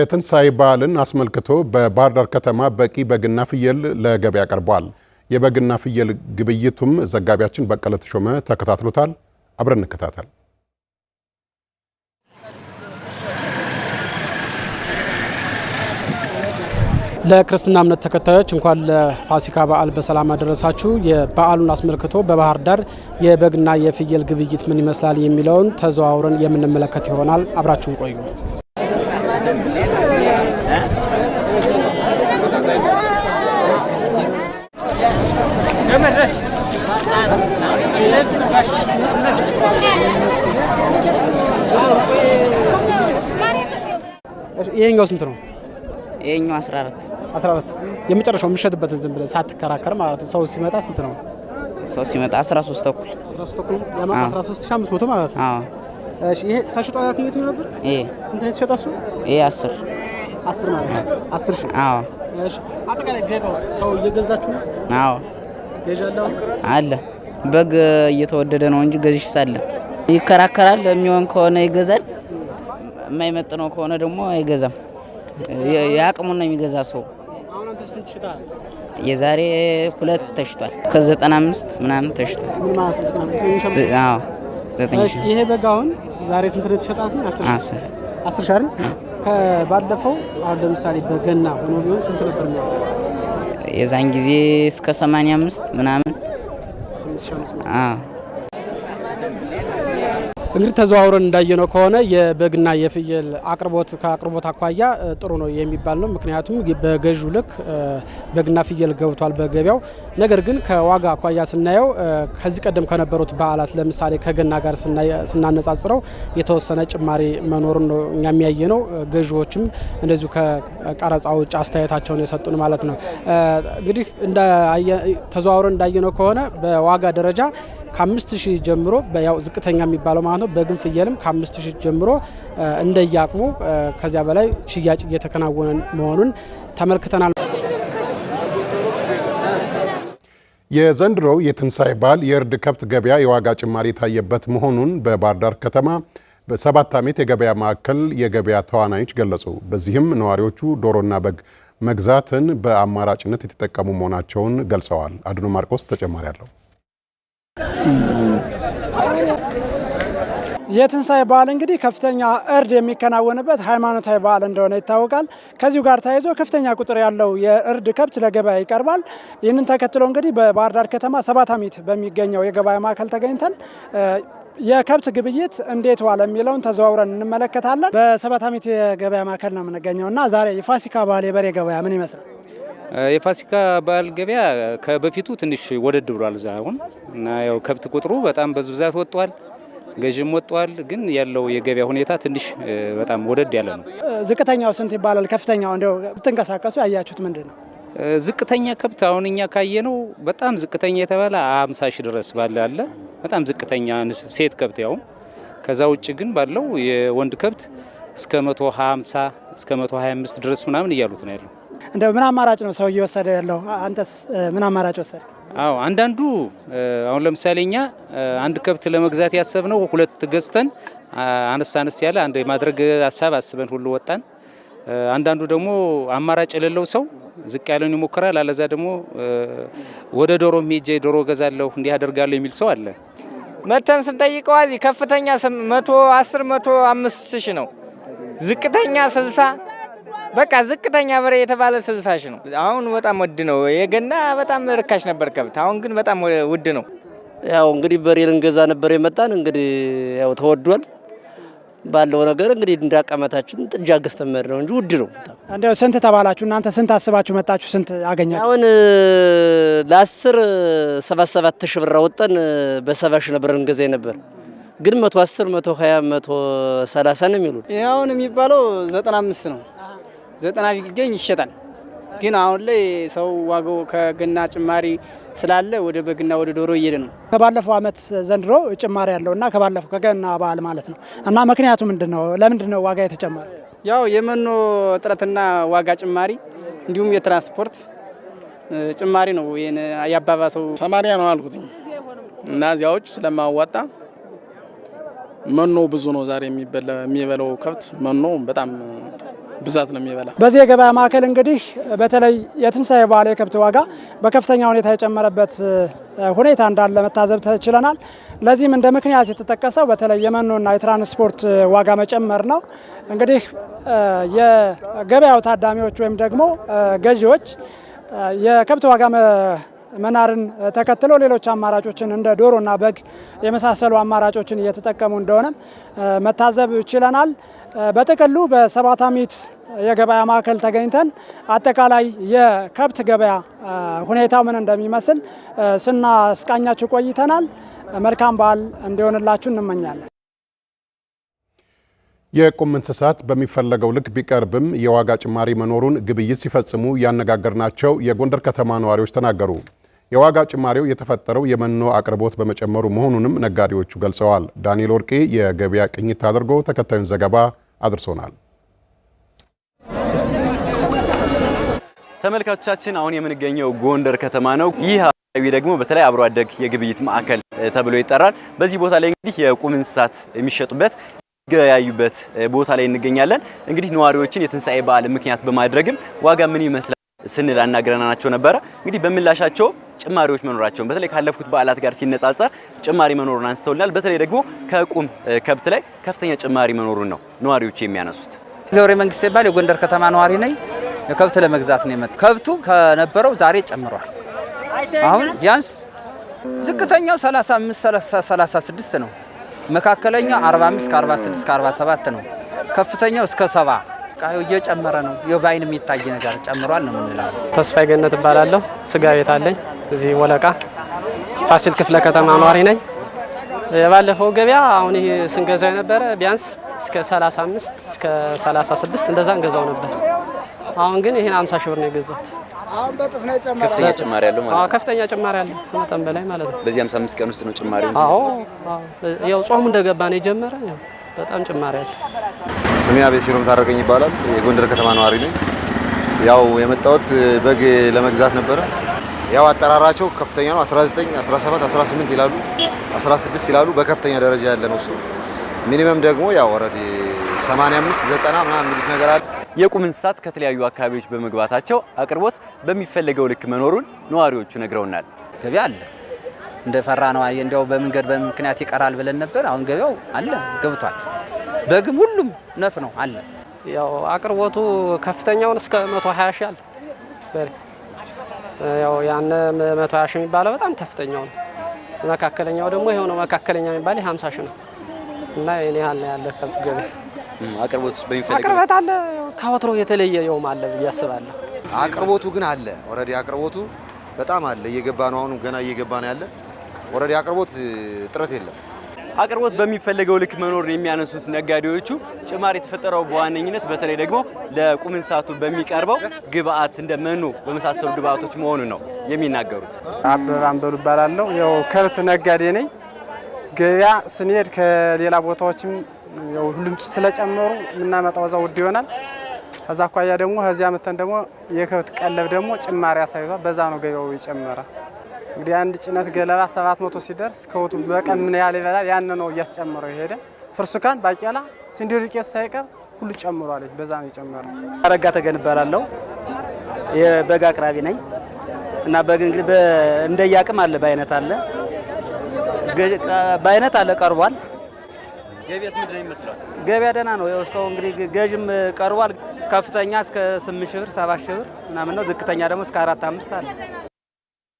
የትንሣኤ በዓልን አስመልክቶ በባህር ዳር ከተማ በቂ በግና ፍየል ለገበያ ቀርቧል። የበግና ፍየል ግብይቱም ዘጋቢያችን በቀለ ተሾመ ተከታትሎታል። አብረን እንከታተል። ለክርስትና እምነት ተከታዮች እንኳን ለፋሲካ በዓል በሰላም አደረሳችሁ። የበዓሉን አስመልክቶ በባህር ዳር የበግና የፍየል ግብይት ምን ይመስላል የሚለውን ተዘዋውረን የምንመለከት ይሆናል። አብራችሁን ቆዩ። ይሄኛው ስንት ነው? ይሄኛው 14 14 የመጨረሻው የሚሸጥበት ዝም ብለህ ሳትከራከር ማለት ሰው ሲመጣ ስንት ነው? ሰው ሲመጣ 13 ተኩል 13 ተኩል ያማ 13500 ማለት ነው። አዎ እሺ። ይሄ ተሽጦ ያገኘት ነው ነበር? ይሄ ስንት ነው የተሸጠ እሱ? ይሄ 10 10 ማለት ነው። 10 ሺህ። አዎ እሺ። አጠቃላይ ገበያውስ ሰው እየገዛችሁ ነው? አዎ አለ። በግ እየተወደደ ነው እንጂ ገዥ ሳለ ይከራከራል። የሚሆን ከሆነ ይገዛል፣ የማይመጥነው ከሆነ ደግሞ አይገዛም። የአቅሙን ነው የሚገዛ ሰው። የዛሬ ሁለት ተሽቷል። ከዘጠና አምስት ምናምን ተሽቷል። ይሄ በግ አሁን ዛሬ ስንት ነው የተሸጣት? አስር ሺህ አይደል? ከባለፈው አሁን ለምሳሌ በገና ሆኖ ቢሆን ስንት ነበር የሚያወጣው? የዛን ጊዜ እስከ 85 ምናምን እንግዲህ ተዘዋውረን እንዳየነው ከሆነ የበግና የፍየል አቅርቦት ከአቅርቦት አኳያ ጥሩ ነው የሚባል ነው። ምክንያቱም በገዥው ልክ በግና ፍየል ገብቷል በገበያው። ነገር ግን ከዋጋ አኳያ ስናየው ከዚህ ቀደም ከነበሩት በዓላት ለምሳሌ ከገና ጋር ስናነጻጽረው የተወሰነ ጭማሪ መኖሩን ነው እኛ የሚያየ ነው። ገዥዎችም እንደዚሁ ከቀረጻ ውጭ አስተያየታቸውን የሰጡን ማለት ነው። እንግዲህ ተዘዋውረን እንዳየነው ከሆነ በዋጋ ደረጃ ከአምስት ሺህ ጀምሮ ያው ዝቅተኛ የሚባለው ማለት ነው። በግን ፍየልም ከአምስት ሺህ ጀምሮ እንደያቅሙ ከዚያ በላይ ሽያጭ እየተከናወነ መሆኑን ተመልክተናል። የዘንድሮው የትንሣኤ በዓል የእርድ ከብት ገበያ የዋጋ ጭማሪ የታየበት መሆኑን በባህር ዳር ከተማ በሰባት ዓመት የገበያ ማዕከል የገበያ ተዋናዮች ገለጹ። በዚህም ነዋሪዎቹ ዶሮና በግ መግዛትን በአማራጭነት የተጠቀሙ መሆናቸውን ገልጸዋል። አድኖ ማርቆስ ተጨማሪ አለው። የትንሣኤ በዓል እንግዲህ ከፍተኛ እርድ የሚከናወንበት ሃይማኖታዊ በዓል እንደሆነ ይታወቃል። ከዚሁ ጋር ተያይዞ ከፍተኛ ቁጥር ያለው የእርድ ከብት ለገበያ ይቀርባል። ይህንን ተከትሎ እንግዲህ በባህር ዳር ከተማ ሰባታሚት በሚገኘው የገበያ ማዕከል ተገኝተን የከብት ግብይት እንዴት ዋለ የሚለውን ተዘዋውረን እንመለከታለን። በሰባታሚት የገበያ ማዕከል ነው የምንገኘው እና ዛሬ የፋሲካ በዓል የበሬ ገበያ ምን ይመስላል? የፋሲካ በዓል ገበያ ከበፊቱ ትንሽ ወደድ ብሏል። እዛ አሁን እና ያው ከብት ቁጥሩ በጣም በዙ ብዛት ወጥቷል፣ ገዥም ወጥቷል። ግን ያለው የገበያ ሁኔታ ትንሽ በጣም ወደድ ያለ ነው። ዝቅተኛው ስንት ይባላል? ከፍተኛው እንደው ብትንቀሳቀሱ ያያችሁት ምንድን ነው? ዝቅተኛ ከብት አሁን እኛ ካየ ነው በጣም ዝቅተኛ የተባለ አምሳ ሺ ድረስ ባለ አለ። በጣም ዝቅተኛ ሴት ከብት ያው ከዛ ውጭ ግን ባለው የወንድ ከብት እስከ መቶ ሀምሳ እስከ መቶ ሀያ ድረስ ምናምን እያሉት ነው ያለው እንደ ምን አማራጭ ነው ሰው እየወሰደ ያለው? አንተስ ምን አማራጭ ወሰደ? አዎ አንዳንዱ አሁን ለምሳሌ እኛ አንድ ከብት ለመግዛት ያሰብነው ሁለት ገዝተን አነስ አነስ ያለ አንድ የማድረግ ሀሳብ አስበን ሁሉ ወጣን። አንዳንዱ ደግሞ አማራጭ የሌለው ሰው ዝቅ ያለውን ይሞክራል። አለዛ ደግሞ ወደ ዶሮ ሄጄ ዶሮ ገዛለሁ እንዲህ አደርጋለሁ የሚል ሰው አለ። መተን ስንጠይቀው ከፍተኛ መቶ አስር መቶ አምስት ሺህ ነው ዝቅተኛ ስልሳ በቃ ዝቅተኛ በሬ የተባለ ስልሳ ነው። አሁን በጣም ውድ ነው። የገና በጣም ርካሽ ነበር ከብት፣ አሁን ግን በጣም ውድ ነው። ያው እንግዲህ በሬ ልንገዛ ነበር የመጣን እንግዲህ ያው ተወዷል ባለው ነገር እንግዲህ እንዳቀመታችን ጥጃ ገዝተን ነው እንጂ ውድ ነው። ስንት ተባላችሁ እናንተ? ስንት አስባችሁ መጣችሁ? ስንት አገኛችሁ? አሁን ለአስር ሰባት ሰባት ሺ ብር አወጣን። በሰባ ሺ ነበር እንገዛ ነበር ግን መቶ አስር መቶ ሀያ መቶ ሰላሳ ነው የሚሉት። አሁን የሚባለው ዘጠና አምስት ነው ዘጠና ቢገኝ ይሸጣል። ግን አሁን ላይ ሰው ዋጋው ከገና ጭማሪ ስላለ ወደ በግና ወደ ዶሮ እየሄደ ነው። ከባለፈው አመት ዘንድሮ ጭማሪ ያለው እና ከባለፈው ከገና በዓል ማለት ነው እና ምክንያቱ ምንድን ነው? ለምንድን ነው ዋጋ የተጨማሪ? ያው የመኖ እጥረትና ዋጋ ጭማሪ እንዲሁም የትራንስፖርት ጭማሪ ነው ያባባሰው። ሰማንያ ነው አልኩት እና እዚያዎች ስለማዋጣ መኖ ብዙ ነው ዛሬ የሚበላው ከብት መኖ በጣም ብዛት ነው የሚበላ። በዚህ የገበያ ማዕከል እንግዲህ በተለይ የትንሳኤ በዓል የከብት ዋጋ በከፍተኛ ሁኔታ የጨመረበት ሁኔታ እንዳለ መታዘብ ተችለናል። ለዚህም እንደ ምክንያት የተጠቀሰው በተለይ የመኖና የትራንስፖርት ዋጋ መጨመር ነው። እንግዲህ የገበያው ታዳሚዎች ወይም ደግሞ ገዢዎች የከብት ዋጋ መናርን ተከትሎ ሌሎች አማራጮችን እንደ ዶሮና በግ የመሳሰሉ አማራጮችን እየተጠቀሙ እንደሆነ መታዘብ ችለናል። በጥቅሉ በሰባታሚት የገበያ ማዕከል ተገኝተን አጠቃላይ የከብት ገበያ ሁኔታ ምን እንደሚመስል ስናስቃኛችሁ ቆይተናል። መልካም በዓል እንዲሆንላችሁ እንመኛለን። የቁም እንስሳት በሚፈለገው ልክ ቢቀርብም የዋጋ ጭማሪ መኖሩን ግብይት ሲፈጽሙ ያነጋገርናቸው የጎንደር ከተማ ነዋሪዎች ተናገሩ። የዋጋ ጭማሪው የተፈጠረው የመኖ አቅርቦት በመጨመሩ መሆኑንም ነጋዴዎቹ ገልጸዋል። ዳንኤል ወርቄ የገበያ ቅኝት አድርጎ ተከታዩን ዘገባ አድርሶናል። ተመልካቾቻችን አሁን የምንገኘው ጎንደር ከተማ ነው። ይህ አካባቢ ደግሞ በተለይ አብሮ አደግ የግብይት ማዕከል ተብሎ ይጠራል። በዚህ ቦታ ላይ እንግዲህ የቁም እንስሳት የሚሸጡበት የሚገያዩበት ቦታ ላይ እንገኛለን። እንግዲህ ነዋሪዎችን የትንሣኤ በዓል ምክንያት በማድረግም ዋጋ ምን ይመስላል ስንል አናግረናቸው ነበረ። እንግዲህ በምላሻቸው ጭማሪዎች መኖራቸውን በተለይ ካለፉት በዓላት ጋር ሲነጻጸር ጭማሪ መኖሩን አንስተውልናል። በተለይ ደግሞ ከቁም ከብት ላይ ከፍተኛ ጭማሪ መኖሩን ነው ነዋሪዎቹ የሚያነሱት። ገብሬ መንግስት ይባል የጎንደር ከተማ ነዋሪ ነኝ። ከብት ለመግዛት ነው የመጣ ከብቱ ከነበረው ዛሬ ጨምሯል። አሁን ቢያንስ ዝቅተኛው 35 36 ነው። መካከለኛው 45 46 47 ነው። ከፍተኛው እስከ ሰባ በቃ እየጨመረ ነው። የባይን የሚታይ ነገር ጨምሯል ነው የምንለው። ተስፋዬ ገነት እባላለሁ። ስጋ ቤት አለኝ እዚህ ወለቃ ፋሲል ክፍለ ከተማ ኗሪ ነኝ። የባለፈው ገበያ አሁን ይህ ስንገዛው የነበረ ቢያንስ እስከ 35 እስከ 36 እንደዛ እንገዛው ነበር። አሁን ግን ይህን 50 ሺህ ብር ነው የገዛሁት። አሁን በጥፍ ነው የጨመረው። ከፍተኛ ጭማሪ ያለው ማለት ነው። ከፍተኛ ጭማሪ ያለ መጠን በላይ ማለት ነው። በዚህ 55 ቀን ውስጥ ነው ጭማሪው። አዎ ያው ጾሙ እንደገባ ነው የጀመረ። ያው በጣም ጭማሪ ያለ ስሜ ሲሮም ታረቀኝ ይባላል። የጎንደር ከተማ ነዋሪ ነኝ። ያው የመጣሁት በግ ለመግዛት ነበረ። ያው አጠራራቸው ከፍተኛ ነው። 19፣ 17፣ 18 ይላሉ፣ 16 ይላሉ። በከፍተኛ ደረጃ ያለ ነው እሱ። ሚኒመም ደግሞ ያው ኦልሬዲ 85፣ 90 ምናምን የሚሉት ነገር አለ። የቁም እንስሳት ከተለያዩ አካባቢዎች በመግባታቸው አቅርቦት በሚፈለገው ልክ መኖሩን ነዋሪዎቹ ነግረውናል። ገበያ አለ እንደፈራ ነው። እንደው በመንገድ በምክንያት ይቀራል ብለን ነበር። አሁን ገበያው አለ ገብቷል። በግም ሁሉም ነፍ ነው አለ። ያው አቅርቦቱ ከፍተኛውን እስከ 120 ሺህ አለ በሬ። ያው ያነ 120 ሺህ የሚባለው በጣም ከፍተኛው ነው። መካከለኛው ደግሞ ይሄው ነው። መካከለኛ የሚባል 50 ሺህ ነው እና ይሄን ያለ ያለ ከብት ገበያ። አቅርቦት በሚፈልግ አቅርቦት አለ። ከወትሮ የተለየ የውም አለ ብዬ አስባለሁ። አቅርቦቱ ግን አለ። ኦልሬዲ አቅርቦቱ በጣም አለ። እየገባ ነው። አሁኑ ገና እየገባ ነው ያለ ኦልሬዲ አቅርቦት ጥረት የለም። አቅርቦት በሚፈለገው ልክ መኖር የሚያነሱት ነጋዴዎቹ ጭማሪ የተፈጠረው በዋነኝነት በተለይ ደግሞ ለቁም እንስሳቱ በሚቀርበው ግብአት እንደ መኖ በመሳሰሉ ግብአቶች መሆኑን ነው የሚናገሩት። አበበ አምበሉ እባላለሁ። ያው ከብት ነጋዴ ነኝ። ገበያ ስንሄድ ከሌላ ቦታዎችም ሁሉም ስለጨመሩ የምናመጣው እዛ ውድ ይሆናል። ከዛ አኳያ ደግሞ ከዚያ መተን ደግሞ የከብት ቀለብ ደግሞ ጭማሪ አሳይቷል። በዛ ነው ገበያው ይጨመራል። እንግዲህ አንድ ጭነት ገለባ 700 ሲደርስ ከወቱ በቀን ምን ያህል ይበላል? ያን ነው እያስጨምረው የሄደ ፍርሱካን፣ ባቄላ፣ ስንዴ ዱቄት ሳይቀር ሁሉ ጨምሯል። በዛ ነው የጨመረው። አረጋ ተገን እባላለሁ የበግ አቅራቢ ነኝ። እና በግ እንግዲህ እንደየአቅም አለ፣ በአይነት አለ፣ በአይነት አለ ቀርቧል። ገቢያስ ምንድን ነው ይመስላል? ገቢያ ደህና ነው። ያው እስካሁን እንግዲህ ገዥም ቀርቧል። ከፍተኛ እስከ 8 ሺህ ብር 7 ሺህ ብር ምናምን ነው። ዝቅተኛ ደግሞ እስከ 4 5 አለ።